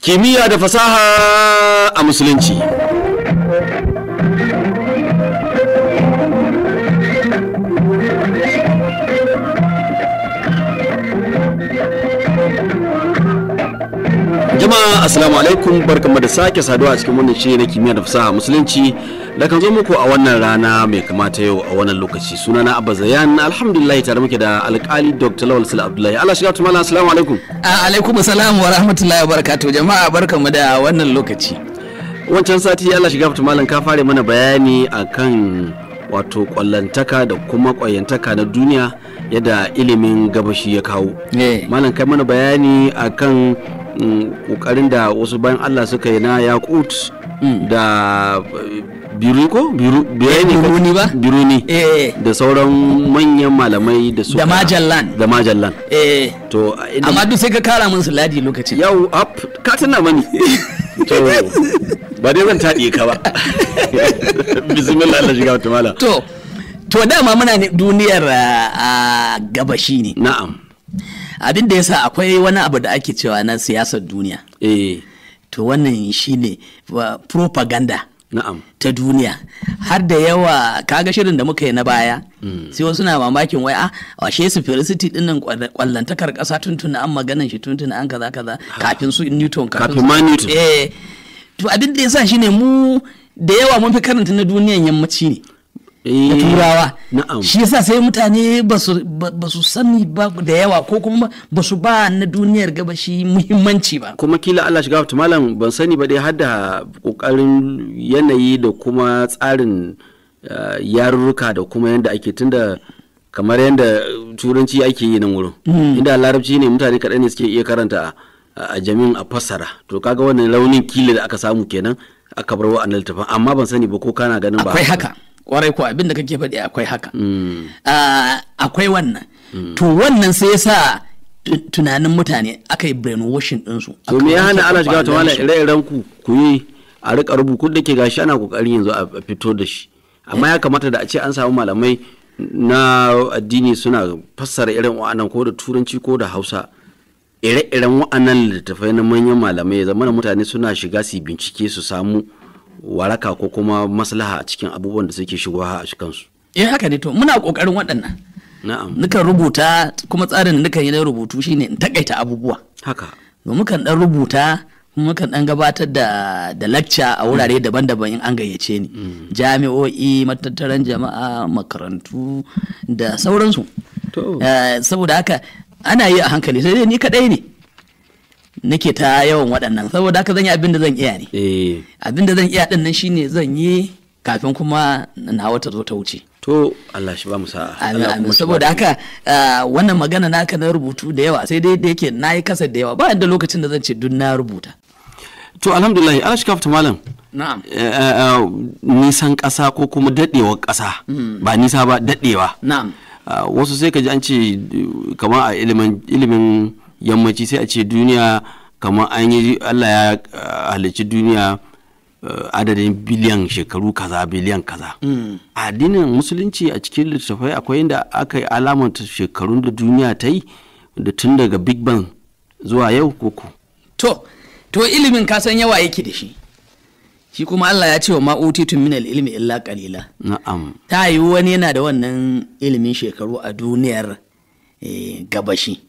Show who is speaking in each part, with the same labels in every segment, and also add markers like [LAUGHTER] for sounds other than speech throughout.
Speaker 1: kimiyya da fasaha a musulunci
Speaker 2: Assalamu alaikum barkamu da sake saduwa a cikin wannan shiri na kimiyya da fasaha musulunci da kan zo muku a wannan rana mai kamata yau a wannan lokaci Suna na Abba Zayan alhamdulillah tare muke da alkali Dr. Lawal Sula Abdullahi Allah shiga tumala assalamu alaikum
Speaker 1: alaikum assalam wa rahmatullahi wa barakatuh jama'a barkamu da
Speaker 2: wannan lokaci wancan sati Allah shiga tumalan ka fare mana bayani akan wato kwallantaka da kuma kwayantaka na duniya yadda ilimin gabashi ya kawo eh. malam kai mana bayani akan Mm, kokarin da wasu bayan Allah suka yi na yakut mm. da eh, Biruko? biruni ba biruni eh. da sauran manyan malamai da su da majallan da majallan eh to amma duk sai ka kara min ladi lokacin yau up ka tana mani [LAUGHS] to ba dai zan taɗe ka ba [LAUGHS] bismillah Allah shiga mutumala
Speaker 1: to to dama muna duniyar a ah, ah, gabashi ne na'am abin da yasa akwai wani abu da ake cewa na siyasar duniya eh to wannan shine propaganda Na'am. ta duniya har da yawa kaga shirin da muka yi na baya hmm. sai wasu na mamakin wai a ah, washe su felicity dinnan kwallantakar kasa tuntuna an maganan shi tuntuna an kaza kaza kafin su newton kafin ma newton eh to abin da yasa shine mu da yawa mun fi karanta na duniyan yammaci ne na eh, turawa shi yasa sai mutane ba su sani ba da yawa ko kuma ba su ba na duniyar gabashi muhimmanci ba
Speaker 2: kuma kila Allah shiga wata malam ban sani ba dai hada kokarin yanayi da kuma tsarin eh, yarurruka da kuma yadda ake tunda kamar yadda turanci ake yi nan wurin hmm. inda larabci ne mutane kaɗai ne suke iya karanta a jami'in a fassara to kaga wannan launin kila da aka samu kenan aka bar wa'annan littafin amma ban sani ba ko kana ganin ba akwai haka kwarai ko
Speaker 1: abin da kake faɗi akwai haka mm. ah, akwai wannan to wannan sai yasa tunanin mutane aka yi brainwashing ɗinsu to me ya hana ana shiga ta wala ire-iren
Speaker 2: ku ku yi a rika rubutu da ke gashi ana kokarin yanzu a fito da shi amma ya kamata da a ce an samu malamai na addini suna fassara irin wa'annan ko da turanci ko da hausa ire-iren wa'annan littattafai na manyan malamai ya zama mutane suna shiga su bincike su samu waraka ko kuma maslaha a cikin abubuwan da suke shigowa
Speaker 1: a su. Eh haka ne to muna kokarin waɗannan. Na'am. Nukan rubuta kuma tsarin da nukan yi na rubutu shine in takaita abubuwa. Haka. Domin dan rubuta mukan dan gabatar da da lacca a wurare mm. daban-daban in an gayyace ni mm. jami'o'i matattaran jama'a makarantu da sauransu eh, saboda haka ana yi a hankali sai ni kadai ne nake ta yawan waɗannan saboda haka zan yi abin da zan iya ne eh. abin da zan iya ɗin nan shine zan yi kafin kuma na wata zo ta wuce to Allah shi ba mu sa'a amin saboda haka ah, wannan magana naka na rubutu da yawa sai dai da yake nayi kasa kasar da yawa ba da lokacin da zan ce duk na rubuta to
Speaker 2: alhamdulillah Allah shi kafta malam na'am eh, eh, nisan ƙasa ko kuma daɗewar ƙasa hmm. ba nisa ba daɗewa na'am ah, wasu sai ka ji an ce kamar a ilimin yammaci sai a ce duniya kamar an yi allah ya uh, halicci duniya uh, adadin biliyan shekaru kaza biliyan kaza mm. addinin musulunci a cikin littattafai akwai inda aka yi alamanta shekarun da duniya ta yi da tun
Speaker 1: daga big bang zuwa yau koko to to ilimin kasan yawa yake da shi shi kuma Allah ya ce wa tun minal ilmi illa kalila. na'am ta yi wani yana da wannan ilimin shekaru a duniyar eh, gabashi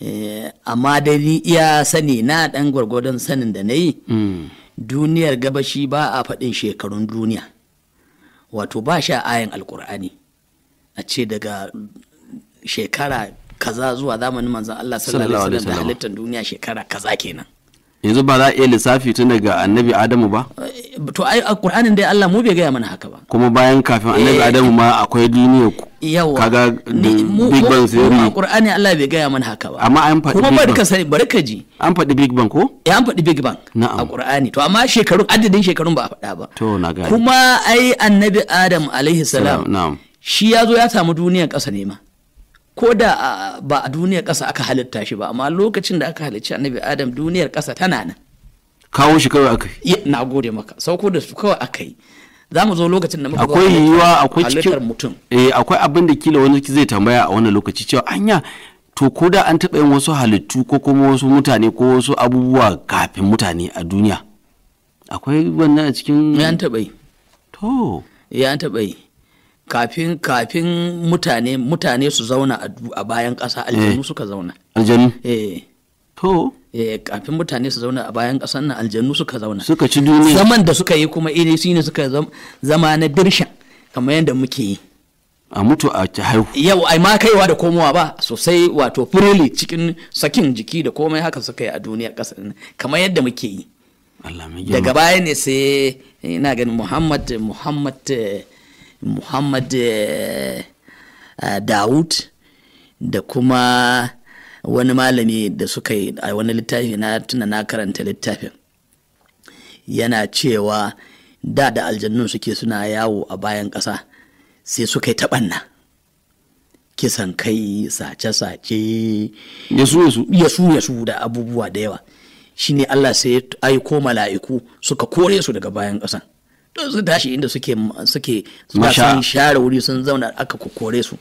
Speaker 1: Eh, amma dai ni iya sani na ɗan gwargwadon sanin da na yi hmm. duniyar gabashi ba a faɗin shekarun duniya wato ba sha ayin alkur'ani a ce daga shekara kaza zuwa zamanin manzan Allah sallallahu alaihi wasallam da halittar duniya shekara kaza kenan
Speaker 2: yanzu ba za a iya lissafi tun daga annabi adamu ba
Speaker 1: to ai alqur'anin dai Allah mu bai gaya mana haka
Speaker 2: ba kuma bayan kafin annabi adamu ma akwai duniya
Speaker 1: yawa kaga big bang theory alqur'ani Allah bai gaya mana haka ba amma an faɗi kuma bari ka sani bari ka ji an faɗi big bang ko eh an faɗi big bang na'am alqur'ani to amma shekarun adadin shekarun ba a faɗa ba to na gani kuma ai annabi adam alaihi salam na'am shi ya zo ya samu duniyar ƙasa ne ma ko da ba a duniyar ƙasa aka halitta shi ba amma lokacin da aka halicci annabi adam duniyar ƙasa tana nan
Speaker 2: kawo shi kawai aka
Speaker 1: yi na gode maka sauko da su kawai aka yi za mu zo lokacin da muka akwai yiwuwa akwai cikin mutum
Speaker 2: eh akwai abin da kila wani zai tambaya a wannan lokaci cewa anya to ko da an taɓa yin wasu halittu ko kuma wasu mutane ko wasu abubuwa kafin mutane a duniya
Speaker 1: akwai wannan a cikin ya an taɓa yi to ya an taɓa yi kafin kafin mutane mutane su zauna a bayan ƙasa aljanu eh. suka zauna aljanu eh to eh kafin mutane su zauna a bayan ƙasar nan aljanu suka zauna suka ci duniya zaman da suka yi kuma ine shine suka zama na dirshan kamar yadda muke yi a mutu a ta haihu yau ai ma kaiwa da komowa ba sosai wato freely cikin sakin jiki da komai haka suka yi a duniya ƙasar kamar yadda muke yi daga baya ne sai ina ganin muhammad muhammad eh, muhammad eh, eh, dawud da kuma wani malami da suka yi a wani littafi na tuna na karanta littafin yana cewa da da aljannun suke suna yawo a bayan ƙasa sai suka yi taɓanna kisan kai sace-sace yasu-yasu da abubuwa da yawa shine allah sai ya aiko mala'iku suka kore su daga bayan ƙasan to su tashi inda suke suke sun share wuri sun zauna aka kokore su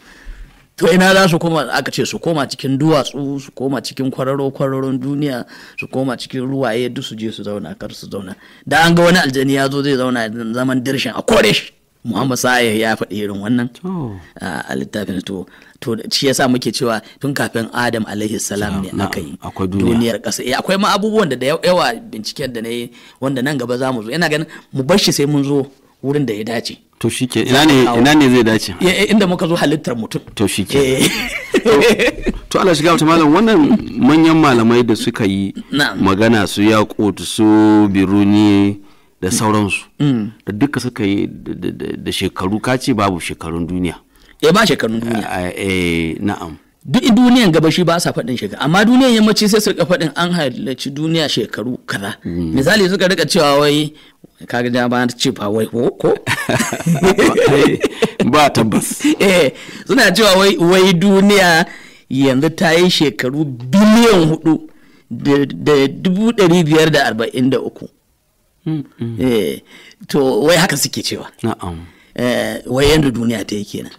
Speaker 1: to ina za su koma aka ce su koma cikin duwatsu su koma cikin kwararo kwararon duniya su koma cikin ruwaye duk su je su zauna kar su zauna da an ga wani aljani ya zo zai zauna zaman dirshin a kore shi muhammad sa'ayar ya faɗi irin wannan a littafin to to shi yasa muke cewa tun kafin adam alaihi salam ne aka yi duniyar ƙasa eh akwai ma abubuwan da yawa binciken da na yi wanda nan gaba za mu zo ina ganin mu bar shi sai mun zo wurin da ya dace to shike ina ne ina ne zai dace eh, eh, inda muka zo halittar mutum
Speaker 2: to shike eh. to Allah shiga mutum malam wannan manyan malamai da suka yi magana su yaƙut su biruni da mm. sauransu mm. da duka suka yi da shekaru ka ce babu shekarun duniya ya eh, ba shekarun duniya eh, eh, eh na'am
Speaker 1: duk duniyan shi ba sa faɗin shekaru amma duniyan yammaci sai su rika faɗin an halarci duniya shekaru kaza mm. misali suka rika cewa wai kaga da ba ce ba wai ko [LAUGHS] ba tabbas [LAUGHS] eh suna cewa wai wai duniya yanzu ta yi shekaru biliyan hudu da dubu ɗari biyar da arba'in da uku Mm-hmm. Eh, to wai haka suke cewa eh, wai yadda duniya ta yi kenan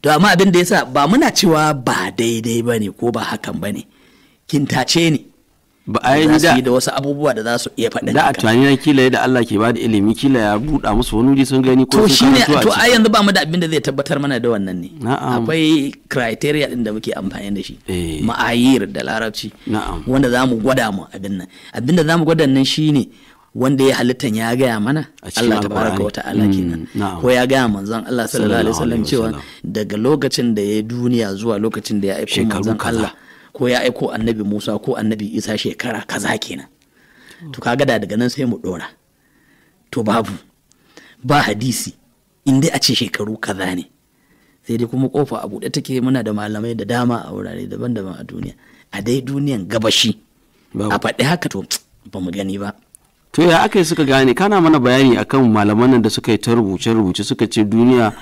Speaker 1: to amma abin da yasa ba muna cewa ba daidai ba ne ko ba hakan ba ne kintace ne ba a yi da da wasu abubuwa da za su iya faɗin da a tunani
Speaker 2: na kila da Allah ke bada ilimi kila ya buɗa musu wani wuri sun gani ko sun karatu a to a
Speaker 1: yanzu ba mu da abin da zai tabbatar mana da wannan ne akwai criteria din da muke amfani da shi eh. ma'ayir da larabci wanda za mu gwada mu abin nan abin da za mu gwada nan shine wanda ya halittan ya gaya mana Allah ta baraka wata ala kenan mm, ko ya gaya manzon Allah sallallahu alaihi wasallam cewa daga lokacin da ya duniya zuwa lokacin da ya aiko manzon Allah ko ya aiko annabi Musa ko annabi Isa shekara kaza kenan to kaga da daga nan sai mu dora to babu ba hadisi inda a ce shekaru kaza ne sai dai kuma kofa a buɗe take muna da malamai da dama a wurare daban-daban a duniya a dai duniyan gabashi a faɗi haka to ba mu gani ba
Speaker 2: to ya aka yi suka gane kana mana bayani akan malaman nan da suka yi ta rubuce-rubuce suka ce duniya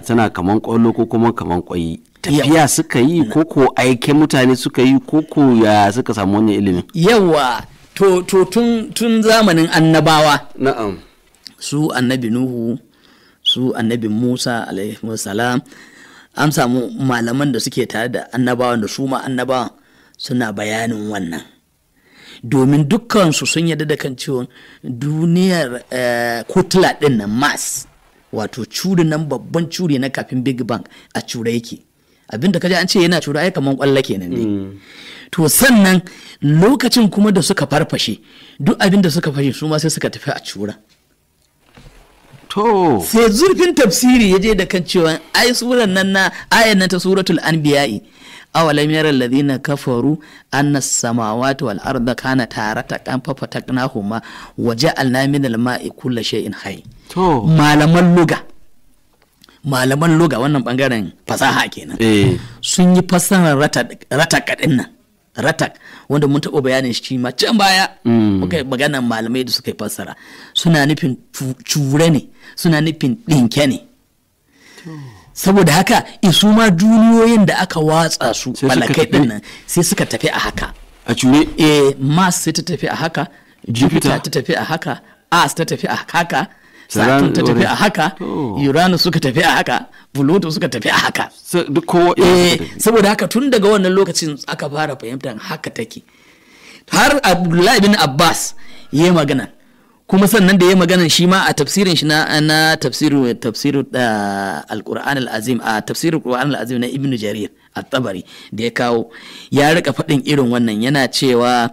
Speaker 2: tana kaman kwallo ko kuma kaman kwayi tafiya suka yi ko ko aike mutane suka yi ko ko ya suka samu wannan ilimin
Speaker 1: yawa to tun zamanin annabawa na'am su annabi nuhu su annabi musa alaihi an samu malaman da suke tare da annabawan da su ma annabawan suna bayanin wannan domin dukkansu sun yadda da kan cewa duniyar eh, kotula ɗin nan mas wato curi nan babban curi na kafin big bang a cura yake abinda kaji an ce yana cura ai kaman kwallo kenan ne mm. to sannan lokacin kuma da suka farfashe duk abinda suka fashe su ma sai suka tafi a cura to sai zurfin tafsiri ya je da kan cewa ai suran nan na ayan nan ta suratul anbiya'i awalam yara alladhina kafaru anna as-samawati wal arda kana kan fa fataknahuma wa ja'alna min al-ma'i kulli shay'in hayy to malaman luga malaman luga wannan bangaren fasaha kenan eh. sun yi fasarar ratak din nan ratak wanda mun taɓa bayanin shi ma can baya mm. muka magana malamai da suka yi fassara suna nufin cure ne suna nufin ɗinke ne saboda haka isu ma duniyoyin da aka watsa su malakai din nan sai suka tafi a haka a cure eh mars sai ta tafi a haka jupiter ta tafi a haka as ta tafi a haka saturn ta tafi a haka uranus suka tafi a haka pluto suka tafi a haka duk kowa eh saboda haka tun daga wannan lokacin aka fara fahimtar haka take har abdullahi bin abbas yayi magana kuma sannan da ya magana shi ma a tafsirin shi na na tafsiru alazim a tafsirin alquran alazim na Ibn jarir at-tabari da ya kawo ya rika faɗin irin wannan yana cewa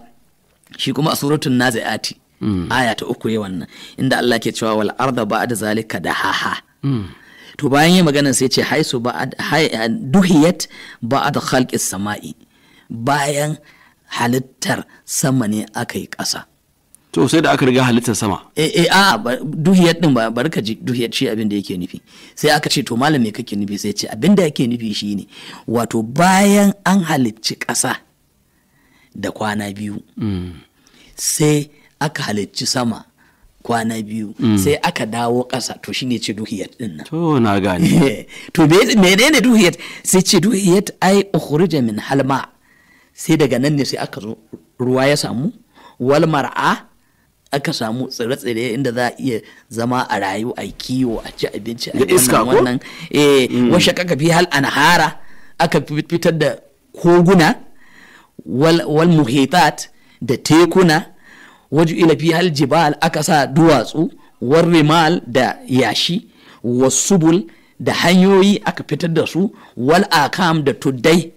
Speaker 1: shi kuma a suratul naziati mm. aya ta uku ya wannan inda Allah ke cewa wal arda ba'da zalika da dahaha mm. to bayan ya magana sai ce haisu ba'ad duhiyat ba'ad khalqis sama'i bayan halittar sama ne aka yi ƙasa to sai da aka riga halittar sama eh eh a duhiyar din ba bari ka ji duhiyar shi abin da yake nufi sai aka ce to malam me kake nufi sai ce abin da yake nufi shine wato bayan an halicci ƙasa da kwana biyu mm. sai aka halicci sama kwana biyu mm. sai aka dawo ƙasa to shine ce duhiyat din nan to na gane [LAUGHS] to menene duhiyat sai ce duhiyat ai ukhrija min halma sai daga nan ne sai aka zo ruwa ya samu wal mar'a aka samu tsire-tsire inda za a iya zama a rayu a kiwo a ci abinci a iska wannan eh mm. washe kaka fi hal anhara aka fitar da koguna wal, wal muhitat da tekuna waju ila fi hal jibal aka sa duwatsu war rimal da yashi wasubul da hanyoyi aka fitar da su wal akam da tuddai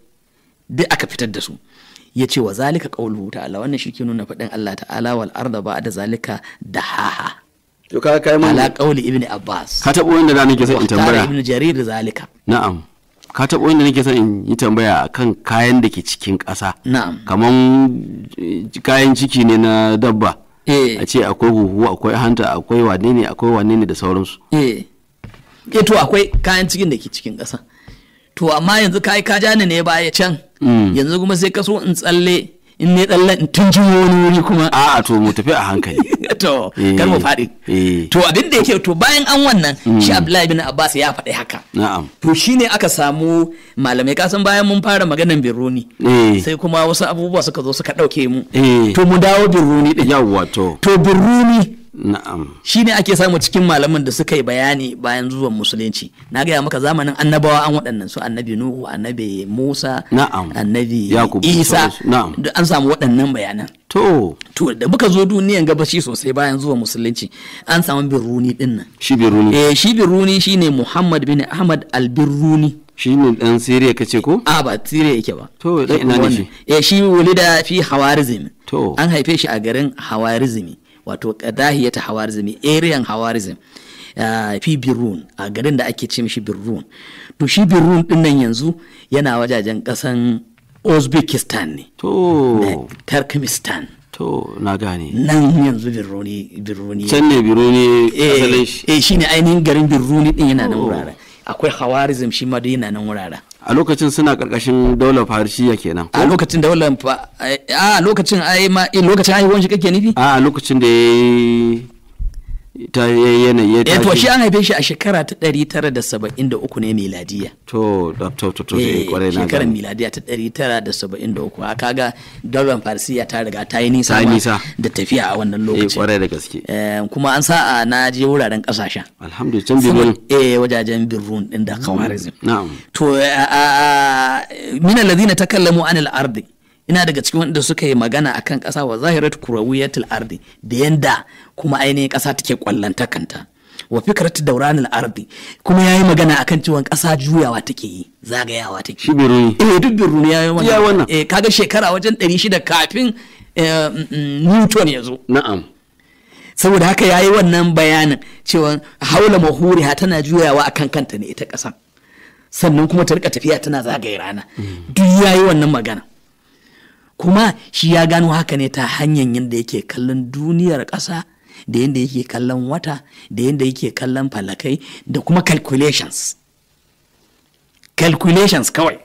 Speaker 1: duk aka fitar da su ya ce wa zalika qawluhu ta'ala wannan shi ke nuna faɗin Allah ta'ala wal arda da zalika haha to ka kai mun ala qawli ibn abbas
Speaker 2: ka tabo wanda da nake son in tambaya ibn
Speaker 1: jarir zalika
Speaker 2: na'am ka taɓa wanda nake son in yi tambaya kan kayan da ke cikin ƙasa na'am kaman eh, kayan ciki ne na dabba eh. a ce akwai huhu akwai hanta akwai wane ne akwai wane ne da sauransu
Speaker 1: eh. eh to akwai kayan cikin da ke cikin ƙasa to amma yanzu ka yi kaja ne baya can mm. yanzu kuma sai ka so in tsalle in ne tsalle in tun jin wani wuri kuma a'a to mu tafi a hankali [LAUGHS] to kar mu eh, faɗi eh. to abin da yake to bayan an wannan mm. shi Abdullahi bin Abbas ya faɗi haka na'am to shine aka samu malamai kasan bayan mun fara maganan Biruni eh. sai kuma wasu abubuwa suka zo suka ɗauke mu
Speaker 2: to mu dawo Biruni din yawa to to Biruni Na'am.
Speaker 1: Shi ne ake samu cikin malaman da suka yi bayani bayan zuwan musulunci. Na gaya maka zamanin annabawa an waɗannan su annabi Nuhu, annabi Musa, Na'am. annabi Isa. Na'am. An samu waɗannan bayanan. To. To da muka zo duniyan gabashi sosai bayan zuwan musulunci an samu birruni din nan. Shi birruni. Eh shi birruni shine Muhammad bin Ahmad al-Birruni. Shi ne dan Siriya kace ko? A ba Siriya yake ba. To dan ina ne shi? Eh shi wulida fi Hawarizm. To. An haife shi a garin Hawarizmi. wato dahiyata hawarizm ariyan hawarizm ah, fi birun a garin da ake ce mishi birun to shi birun din nan yanzu yana wajajen kasan uzbekistan ne to turkmenistan to na gane nan yanzu birruni birruni can ne birruni eh, asalin shi eh shine ainihin garin birruni din yana nan oh. wurare akwai hawarizm shi ma yana nan wuraren
Speaker 2: a lokacin suna karkashin daular farishiya kenan a
Speaker 1: lokacin daular a lokacin ai ma eh, lokacin ai wani kake nufi a lokacin
Speaker 2: da ya ta yanayi ya eh, to shi
Speaker 1: an haife shi a shekara ta 973 ne miladiya to to to to kware eh, na eh, shekara miladiya ta 973 a kaga daular farsiya ta riga ta yi nisa da tafiya a wannan lokacin. eh kware da gaske kuma an sa'a na je wuraren kasashen alhamdulillah can birrun eh wajajen birrun din da mm, kawarizim na'am to a min ladina takallamu anil ardi ina daga cikin wanda suka yi magana akan ƙasa wa zahirat kurawiyatul ardi da yanda kuma ainihin ƙasa take kwallanta kanta wa fikrat dauranil ardi kuma yayi magana akan cewa ƙasa juyawa take yi zagayawa take shi biruni eh duk ya yayi wannan eh kaga shekara wajen 600 kafin eh, mm, mm, Newton ya zo na'am saboda haka yayi wannan bayanin cewa haula ha tana juyawa akan kanta ne ita ƙasa sannan kuma ta rika tafiya tana zagaye rana mm. duk yayi wannan magana kuma shi ya gano haka ne ta hanyar yadda yake kallon duniyar ƙasa da yadda yake kallon wata da yadda yake kallon falakai da kuma calculations calculations kawai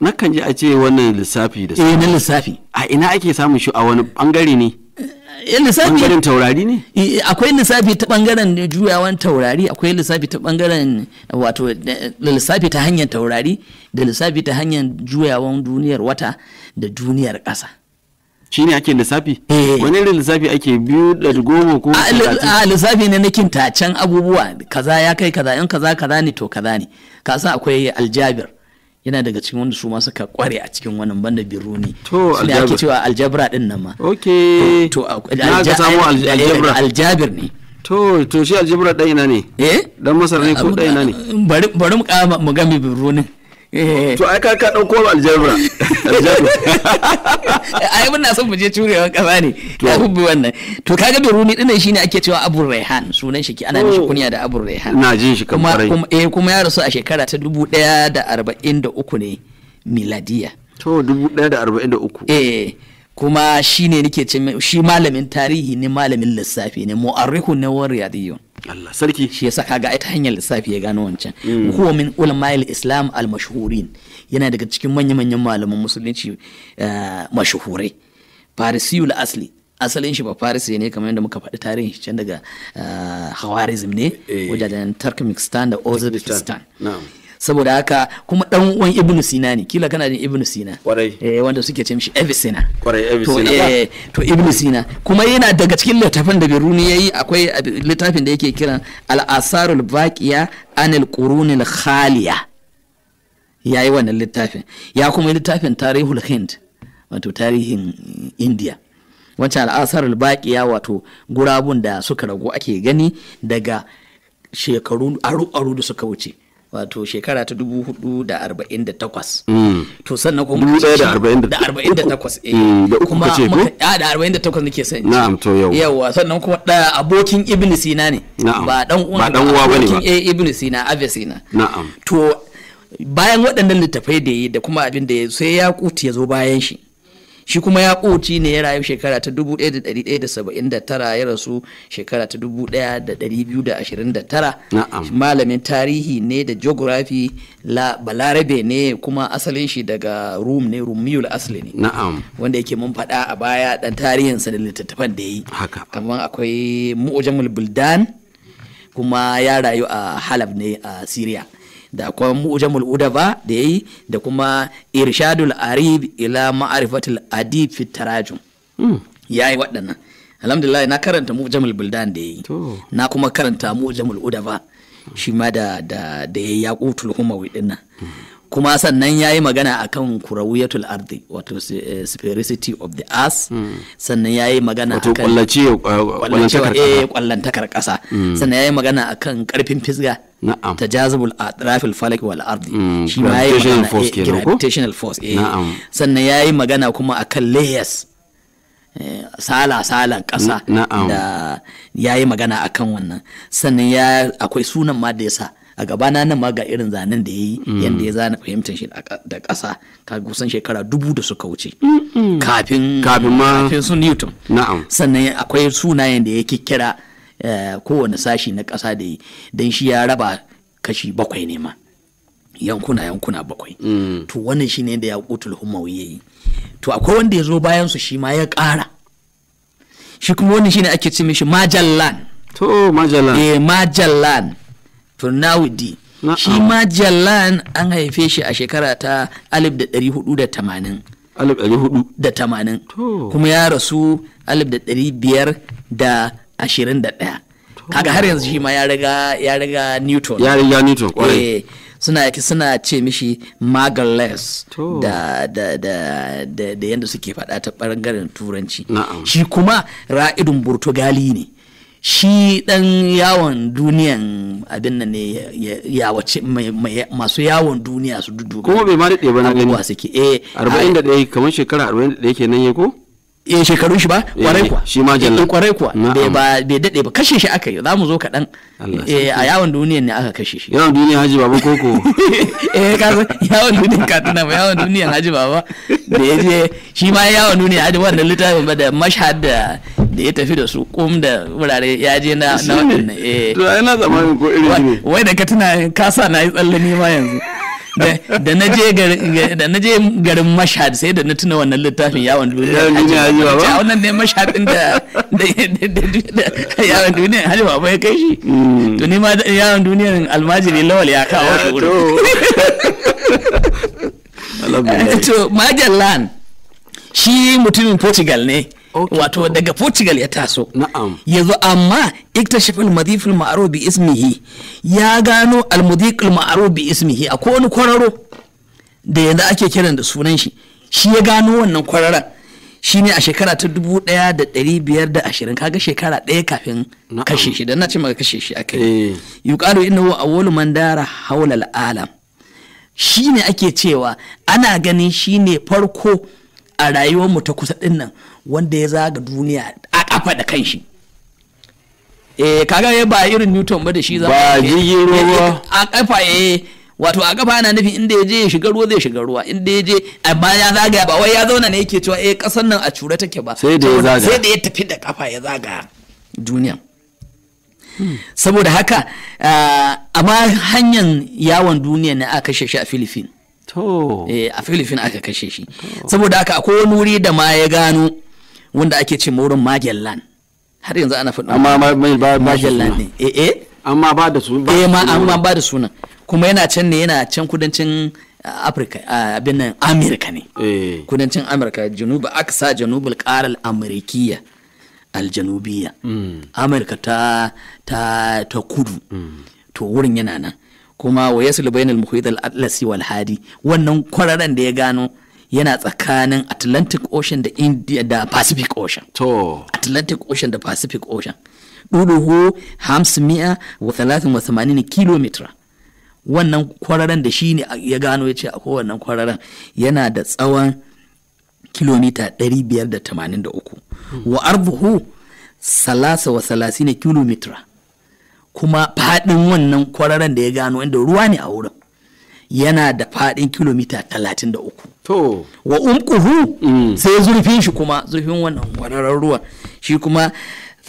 Speaker 2: nakan ji a ce wannan lissafi da eh na lissafi a ina ake samun shi a wani bangare ne Eh, lissafi bangaren taurari
Speaker 1: ne eh, eh, akwai lissafi ta bangaren juyawan taurari akwai lissafi ta bangaren wato lissafi ta hanyar taurari da lissafi ta hanyar juyawan duniyar wata da duniyar ƙasa
Speaker 2: shi ne ake lissafi wani irin lissafi ake biyu da goma ko a ah, ah,
Speaker 1: lissafi ne na kintacen abubuwa kaza ya kai kaza in kaza kaza ne to kaza ne kasan akwai aljabir yana daga cikin wanda su ma suka kware a cikin wannan banda biruni to ne ake cewa aljabra din nan ma okay to aljabir
Speaker 2: ne to to shi aljabra dan ina ne eh dan masar ne ko dan ina ne
Speaker 1: bari bari mu mu ga mai birunin Eh. to ai ka ka dauko aljabra [LAUGHS] ai muna son mu je curewan kasa ne ka hubbi wannan to kaga runi dinan shine ake cewa abul Raihan sunan shi ana mishi oh. kunya da abul Raihan na jin shi kamar kuma eh kuma ya rasu a shekara ta 1143 ne miladiya to 1143 eh kuma shi ne nake ce shi malamin tarihi ne malamin lissafi ne mu'arrihu ne wa riyadiyyu Allah sarki shi yasa kaga ai ta hanyar lissafi ya gano wancan mm. huwa min ulama'il islam al mashhurin yana daga cikin manya manyan malaman musulunci eh, mashhurai farisiyul asli asalin shi ba faris ne kamar yadda muka faɗi tarihi shi can daga eh, hawarizm ne eh. wajajen turkmenistan da uzbekistan saboda haka kuma dan uwan ibn sina ne kila kana da ibn sina kwarai eh wanda suke ce mishi Evisina.
Speaker 2: kwarai Evisina. to eh
Speaker 1: to ibn sina kuma yana daga cikin littafin da biruni yayi akwai littafin da yake kiran al-asarul baqiya anil qurunil khaliya yayi wannan littafin ya kuma littafin tarihul hind wato tarihin india wancan al'asar baƙiya wato gurabun da suka ragu ake gani daga shekaru aru-aru da suka wuce wato shekara ta dubu hudu da arba'in da takwas. Mm. To sannan kuma da arba'in da takwas. Eh. Mm, da Kuma a da arba'in da takwas nake sani. Na'am
Speaker 2: to yau. Yawa
Speaker 1: sannan kuma ɗaya abokin Ibn Sina ne. Na'am. Ba dan uwa ba ne ba. Abokin Ibn Sina Abia Sina. Na'am. To bayan waɗannan littafai da yi da kuma abin da ya sai ya kuti ya zo bayan shi. shi kuma ya ƙoci ne ya rayu shekara ta 1179 ya rasu shekara ta 1229 malamin tarihi ne da geography la balarabe ne kuma asalin shi daga rum ne rumiyul asli ne wanda yake mun faɗa a baya ɗan tarihinsa da littattafan da yi kamar akwai mu'ujamul buldan kuma ya rayu a halab ne a syria da kuma mu'jamul udaba da yayi da kuma irshadul arib ila ma'arifatul adib fi tarajum hmm. yayi waɗannan alhamdulillah na karanta mu'jamul buldan da yayi na kuma karanta mu'jamul udaba shi ma da da da yayi yaqutul humawi dinnan hmm. kuma sannan ya yi magana a kan kurawuyatul ardi wato eh, sphericity of the earth sannan ya yi magana a kan eh, kwallantakar eh, ƙasa mm. sannan ya yi magana a kan ƙarfin fisga ta jazibul a trafil falak wal ardi mm. shi ma ya yi magana force sannan ya yi magana kuma a kan layers sala-salan ƙasa da ya yi magana a kan wannan sannan ya akwai sunan ma da ya sa a gabana nan ma ga irin zanen da ya yi mm. yadda ya zana fahimtar shi da ƙasa ka kusan shekara dubu da suka wuce kafin kafin su newton na'am sannan akwai sunayen da ya kikkira eh, kowane sashi na ƙasa da yi don shi ya raba kashi bakwai ne ma yankuna yankuna bakwai mm. to wannan shi ne da ya kutul hummawi ya yi to akwai wanda ya zo bayan su shi ma ya ƙara shi kuma wannan ne ake ce mishi majallan to majalan eh majalan furnawudi shi ma jallan an haife shi a shekara ta 1480 tamanin kuma ya rasu 1521 kaga har yanzu shi ma ya riga ya riga newton ya riga newton eh, suna yake suna ce mishi magalles da da da da yanda suke faɗa ta ɓangaren turanci shi kuma ra'idun burtugali ne shi ɗan yawon duniyan abin nan ne ya wace masu yawon duniya su dudu kuma bai
Speaker 2: ma daɗe ba na gani suke eh 41 kamar shekara 41 kenan ya ko ya eh, shekaru shi ba eh, kwarai kuwa shi ma jalla eh, kwarai kuwa bai ba
Speaker 1: bai dade ba kashe shi aka yi za mu zo kaɗan a yawon duniyan ne aka kashe shi yawon duniyan haji baba koko [LAUGHS] eh ka san yawon duniyan ka tuna ba yawon duniyan haji baba da ya je shi ma yawon duniyan haji wannan littafin ba da mashhad da da ya tafi da su kum da wurare ya je na na wannan eh to ai na zamanin ko irin ne wai da ka tuna ka sa na yi tsalle ne ma yanzu da na je garin mashad sai da na tuna wannan littafin yawon duniya a wannan ne mashad din da yawon duniya hali baba ya kai shi hmm. to ni ma yawon duniyar almajiri lawal ya kawo shi wurin to [LAUGHS] Majalan shi mutumin portugal ne wato daga portugal ya taso yanzu amma iktashafin madhiful ma'aro bi ismihi ya gano almudhiqul ma'aro bi ismihi a wani kwararo da yanzu ake kiran da sunan shi shi ya gano wannan kwararan ne a shekara ta dubu ɗaya da da ashirin kaga shekara ɗaya kafin kashe shi dan na ce maka kashe shi akai eh. yuqalu innahu awwalu man dara hawla al-alam ne ake cewa ana ganin ne farko a rayuwar mu ta kusa ɗinnan wanda ya zaga duniya a kafa da kanshi eh kaga ya ba irin newton ba da shi za ba jirgin ruwa a kafa eh wato a kafa ana nufi inda ya je ya shiga ruwa zai shiga ruwa inda ya je amma ya zagaya ba wai ya zauna ne yake cewa eh kasan nan a cure take ba sai da ya zaga sai da ya tafi da kafa ya zaga duniya saboda haka eh, amma hanyar yawon duniya ne aka kashe shi a Filifin. eh a Filifin aka kashe shi saboda haka akwai wani wuri da ma ya gano wanda ake ce wurin magellan har yanzu ana faɗin amma
Speaker 2: mai ba magellan ne
Speaker 1: eh eh amma ba da su eh ma amma ba da sunan kuma yana can ne yana can kudancin uh, afirka uh, abin nan amerika ne eh. kudancin amerika januba aksa janubul qaral amerikiya aljanubiya mm. amerika ta ta ta kudu mm. to wurin yana nan kuma wa yasul bainal muhit al atlasi wal hadi wannan kwararan da ya gano yana tsakanin Atlantic Ocean da India da Pacific Ocean. To. Atlantic Ocean da Pacific Ocean. Ɗuɗuhu hamsimiya wa talatin wa samanin kilomita. Wannan kwararen da shi ne ya gano ya ce a kowannan kwararen yana da tsawon kilomita 583. Wa arbuhu salasa wa salasina kilomita. Kuma faɗin wannan kwararen da ya gano inda ruwa ne a wurin. yana da faɗin kilomita 33 to wa umquhu mm. sai zurfin shi kuma zurfin wannan wararen ruwan shi kuma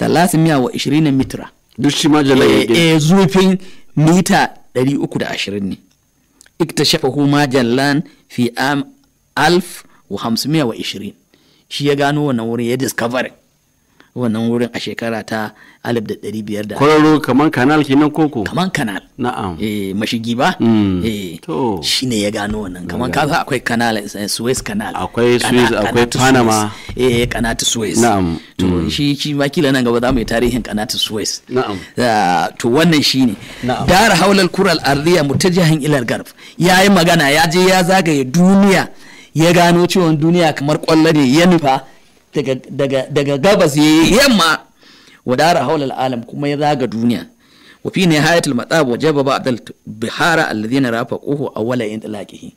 Speaker 1: 320 mitra duk shi majalai ya jala'i e, zurfin mita 320 ne iktashafahu hu majalan fi am 1520 shi ya gano wannan wurin ya discover wannan wurin a shekara ta alif da kwararo kamar kanal kenan koko kamar kanal na'am eh mashigi ba mm. eh to shine ya gano wannan kamar ka san akwai kanal eh, Suez kanal akwai Suez akwai Panama eh kanatu Suez na'am to mm. shi shi ma nan gaba za mu yi tarihin kanatu Suez na'am to wannan shine dara haulal kural ardiya mutajahin ilal garf yayi magana ya je ya zagaye duniya ya gano cewa duniya kamar kwallo ne ya nufa daga gabas ya yamma wadara haulal alam kuma ya zaga duniya wa fi nihayatul matsab ba ba'dal bihara alladhina rafaquhu awwala intlaqihi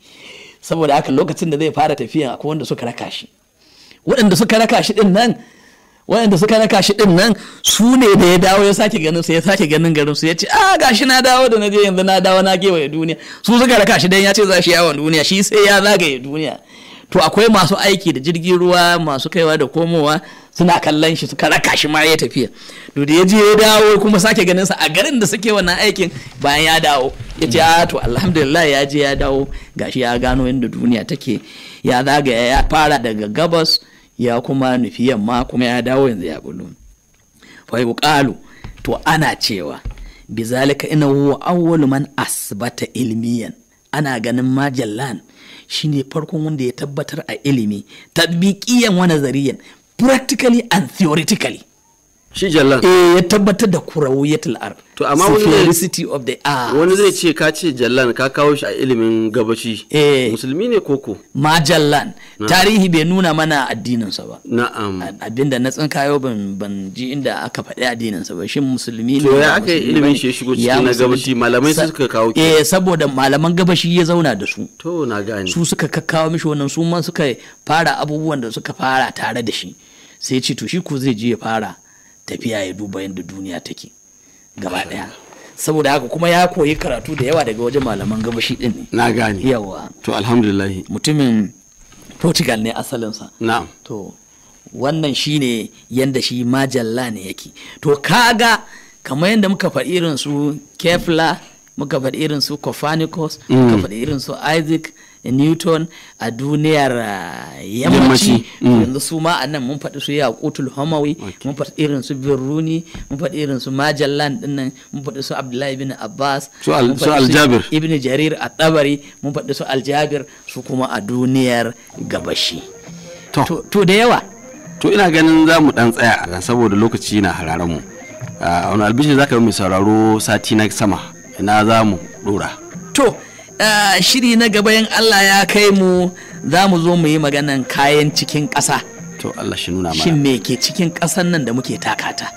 Speaker 1: saboda haka lokacin da zai fara tafiya akwai wanda suka raka shi waɗanda suka raka shi din nan waɗanda suka raka shi din nan su ne da ya dawo ya sake ganin su ya sake ganin garin su ya ce a ah, gashi na dawo da na je yanzu na dawo na gewaye duniya su suka raka shi dan ya ce za shi yawon duniya shi sai ya zagaye duniya to akwai masu aiki da jirgin ruwa masu kaiwa da komowa suna kallon shi suka raka shi ma ya tafiya to da ya je ya dawo kuma sake ganin sa a garin da suke wannan aikin bayan ya dawo ya ce a ah, to alhamdulillah ya je ya dawo gashi ya gano inda duniya take ya zagaya ya fara daga gabas ya kuma nufi yamma kuma ya dawo yanzu ya bulu fa yuqalu to ana cewa bizalika innahu awwalu man asbata ilmiyan ana ganin majallan shine farkon wanda ya tabbatar a ilimi tatbiqiyan wa nazariyan practically and theoretically shi jallan eh ya tabbatar da kurawiyatul ard to amma wani of the art wani zai ce ka ce
Speaker 2: jallan ka kawo shi a ilimin gabashi eh musulmi ne koko
Speaker 1: ma jallan tarihi bai nuna mana addinin sa ba na'am abinda na tsin kayo ban ban ji inda aka faɗi addinin sa ba shin musulmi ne to ya aka ilimin shi shigo cikin na gabashi malamai su suka kawo eh saboda malaman gabashi ya zauna da su to na gane su suka kakkawo mishi wannan su ma suka fara abubuwan da suka fara tare da shi sai ce to shi ku zai je ya fara tafiya ya duba yadda duniya take gaba daya saboda haka kuma ya koyi karatu da yawa daga wajen malaman gabashi din ne na gane yawa to alhamdulillah mutumin portugal ne asalinsa na'am to wannan shine yadda shi majalla ne yake to kaga kamar yadda muka faɗi irin su kefla muka faɗi irin su copernicus muka mm. faɗi irin su isaac newton a duniyar uh, yammaci mm. yanzu su ma a nan mun faɗi su ya kutul hamawi mun faɗi irin su birruni mun faɗi irin su majallan dinnan mun faɗi su abdullahi ibn abbas su aljabir ibn jarir a ɗabari mun faɗi su aljabir su kuma a duniyar gabashi
Speaker 2: to da yawa to ina ganin za mu ɗan tsaya a saboda lokaci na hararen mu a uh, wani albishin za ka yi mai sauraro sati na sama ina za mu ɗora
Speaker 1: to Eh, shiri na gaba yin Allah ya kai mu za mu zo mu yi maganan kayan cikin ƙasa to Allah shi nuna mana shin me ke cikin ƙasan nan da muke takata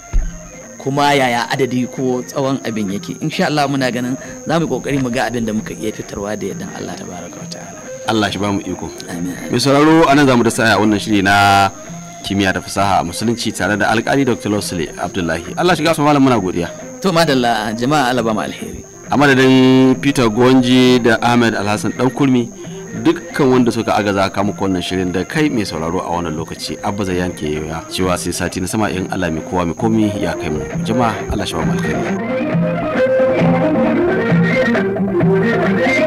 Speaker 1: kuma yaya adadi ko tsawon abin yake insha Allah muna ganin za mu yi kokari mu ga abin da muka iya fitarwa da yadda Allah baraka wa ta'ala
Speaker 2: Allah shi ba mu iko amin mai sauraro a nan za mu da saya wannan shiri na kimiyya da fasaha a musulunci tare da alƙali Dr. Losle Abdullahi Allah shi su malam muna godiya
Speaker 1: to madalla jama'a Allah ba mu alheri
Speaker 2: a madadin peter gonji da ahmed alhassan dan kurmi dukkan wanda suka agaza ka muku wannan shirin da kai mai sauraro a wannan lokaci abba zai yanke ya cewa sai sati na sama in allah mai kowa mai komi ya kai mu jama'a allah shawar ba malkari